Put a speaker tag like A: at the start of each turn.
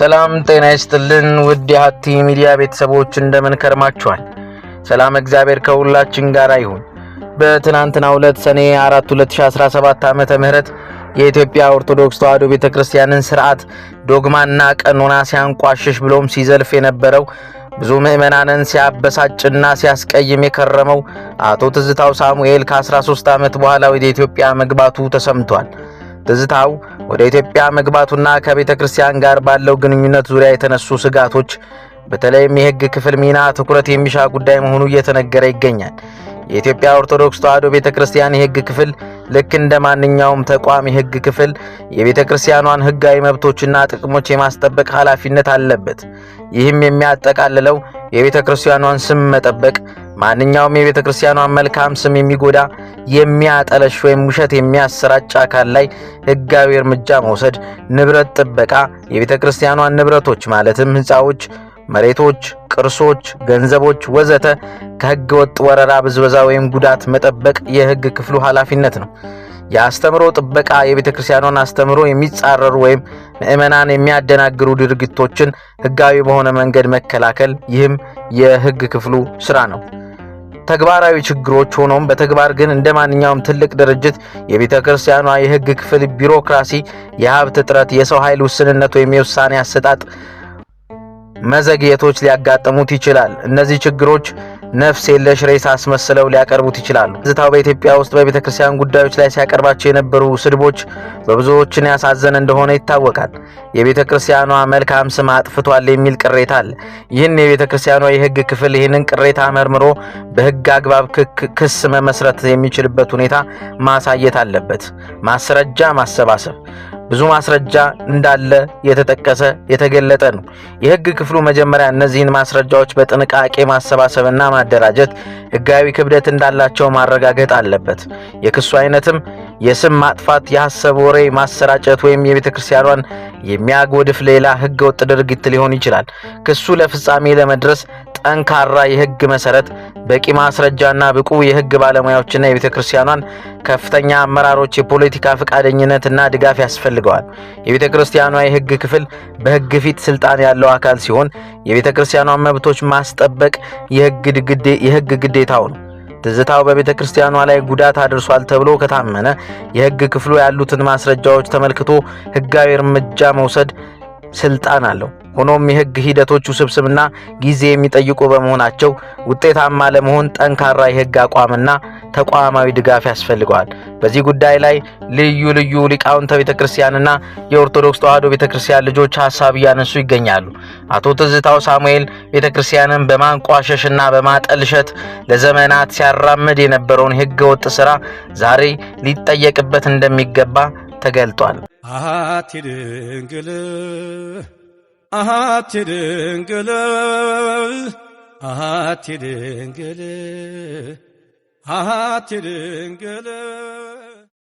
A: ሰላም ጤና ይስጥልን ውድ የሀቲ ሚዲያ ቤተሰቦች እንደምን ከርማችኋል? ሰላም እግዚአብሔር ከሁላችን ጋር ይሁን። በትናንትና ዕለት ሰኔ 4 2017 ዓመተ ምህረት የኢትዮጵያ ኦርቶዶክስ ተዋሕዶ ቤተክርስቲያንን ስርዓት ዶግማና ቀኖና ሲያንቋሽሽ ብሎም ሲዘልፍ የነበረው ብዙ ምዕመናንን ሲያበሳጭና ሲያስቀይም የከረመው አቶ ትዝታው ሳሙኤል ከ13 ዓመት በኋላ ወደ ኢትዮጵያ መግባቱ ተሰምቷል። ትዝታው ወደ ኢትዮጵያ መግባቱና ከቤተ ክርስቲያን ጋር ባለው ግንኙነት ዙሪያ የተነሱ ስጋቶች በተለይም የሕግ ክፍል ሚና ትኩረት የሚሻ ጉዳይ መሆኑ እየተነገረ ይገኛል። የኢትዮጵያ ኦርቶዶክስ ተዋሕዶ ቤተ ክርስቲያን የሕግ ክፍል ልክ እንደ ማንኛውም ተቋም የሕግ ክፍል የቤተ ክርስቲያኗን ሕጋዊ መብቶችና ጥቅሞች የማስጠበቅ ኃላፊነት አለበት። ይህም የሚያጠቃልለው የቤተ ክርስቲያኗን ስም መጠበቅ ማንኛውም የቤተ ክርስቲያኗን መልካም ስም የሚጎዳ የሚያጠለሽ ወይም ውሸት የሚያሰራጭ አካል ላይ ሕጋዊ እርምጃ መውሰድ፣ ንብረት ጥበቃ የቤተ ክርስቲያኗን ንብረቶች ማለትም ሕንፃዎች፣ መሬቶች፣ ቅርሶች፣ ገንዘቦች ወዘተ ከሕገ ወጥ ወረራ፣ ብዝበዛ ወይም ጉዳት መጠበቅ የሕግ ክፍሉ ኃላፊነት ነው። የአስተምሮ ጥበቃ የቤተ ክርስቲያኗን አስተምሮ የሚጻረሩ ወይም ምእመናን የሚያደናግሩ ድርጊቶችን ሕጋዊ በሆነ መንገድ መከላከል፣ ይህም የሕግ ክፍሉ ስራ ነው። ተግባራዊ ችግሮች ሆኖም በተግባር ግን እንደ ማንኛውም ትልቅ ድርጅት የቤተ ክርስቲያኗ የሕግ ክፍል ቢሮክራሲ፣ የሀብት እጥረት፣ የሰው ኃይል ውስንነት ወይም የውሳኔ አሰጣጥ መዘግየቶች ሊያጋጥሙት ይችላል። እነዚህ ችግሮች ነፍስ የለሽ ሬሳ አስመስለው ሊያቀርቡት ይችላሉ። ዝታው በኢትዮጵያ ውስጥ በቤተ ክርስቲያን ጉዳዮች ላይ ሲያቀርባቸው የነበሩ ስድቦች በብዙዎችን ያሳዘነ እንደሆነ ይታወቃል። የቤተ ክርስቲያኗ መልካም ስም አጥፍቷል የሚል ቅሬታ አለ። ይህን የቤተ ክርስቲያኗ የህግ ክፍል ይህንን ቅሬታ መርምሮ በህግ አግባብ ክስ መመስረት የሚችልበት ሁኔታ ማሳየት አለበት። ማስረጃ ማሰባሰብ ብዙ ማስረጃ እንዳለ የተጠቀሰ የተገለጠ ነው። የህግ ክፍሉ መጀመሪያ እነዚህን ማስረጃዎች በጥንቃቄ ማሰባሰብና ማደራጀት ህጋዊ ክብደት እንዳላቸው ማረጋገጥ አለበት። የክሱ አይነትም የስም ማጥፋት፣ የሐሰብ ወሬ ማሰራጨት ወይም የቤተ ክርስቲያኗን የሚያጎድፍ ሌላ ህገ ወጥ ድርጊት ሊሆን ይችላል። ክሱ ለፍጻሜ ለመድረስ ጠንካራ የህግ መሰረት፣ በቂ ማስረጃና ብቁ የህግ ባለሙያዎችና የቤተ ክርስቲያኗን ከፍተኛ አመራሮች የፖለቲካ ፈቃደኝነትና ድጋፍ ያስፈልገዋል። የቤተ ክርስቲያኗ የህግ ክፍል በህግ ፊት ስልጣን ያለው አካል ሲሆን የቤተ ክርስቲያኗን መብቶች ማስጠበቅ የህግ ግዴታው ነው። ትዝታው በቤተ ክርስቲያኗ ላይ ጉዳት አድርሷል ተብሎ ከታመነ የህግ ክፍሉ ያሉትን ማስረጃዎች ተመልክቶ ህጋዊ እርምጃ መውሰድ ስልጣን አለው። ሆኖም የህግ ሂደቶች ውስብስብና ጊዜ የሚጠይቁ በመሆናቸው ውጤታማ ለመሆን ጠንካራ የህግ አቋምና ተቋማዊ ድጋፍ ያስፈልገዋል። በዚህ ጉዳይ ላይ ልዩ ልዩ ሊቃውንተ ቤተ ክርስቲያንና የኦርቶዶክስ ተዋሕዶ ቤተ ክርስቲያን ልጆች ሀሳብ እያነሱ ይገኛሉ። አቶ ትዝታው ሳሙኤል ቤተ ክርስቲያንን በማንቋሸሽና በማጠልሸት ለዘመናት ሲያራምድ የነበረውን ህገ ወጥ ስራ ዛሬ ሊጠየቅበት እንደሚገባ ተገልጧል። Ahatirin gülü, ahatirin gülü, ahatirin gülü.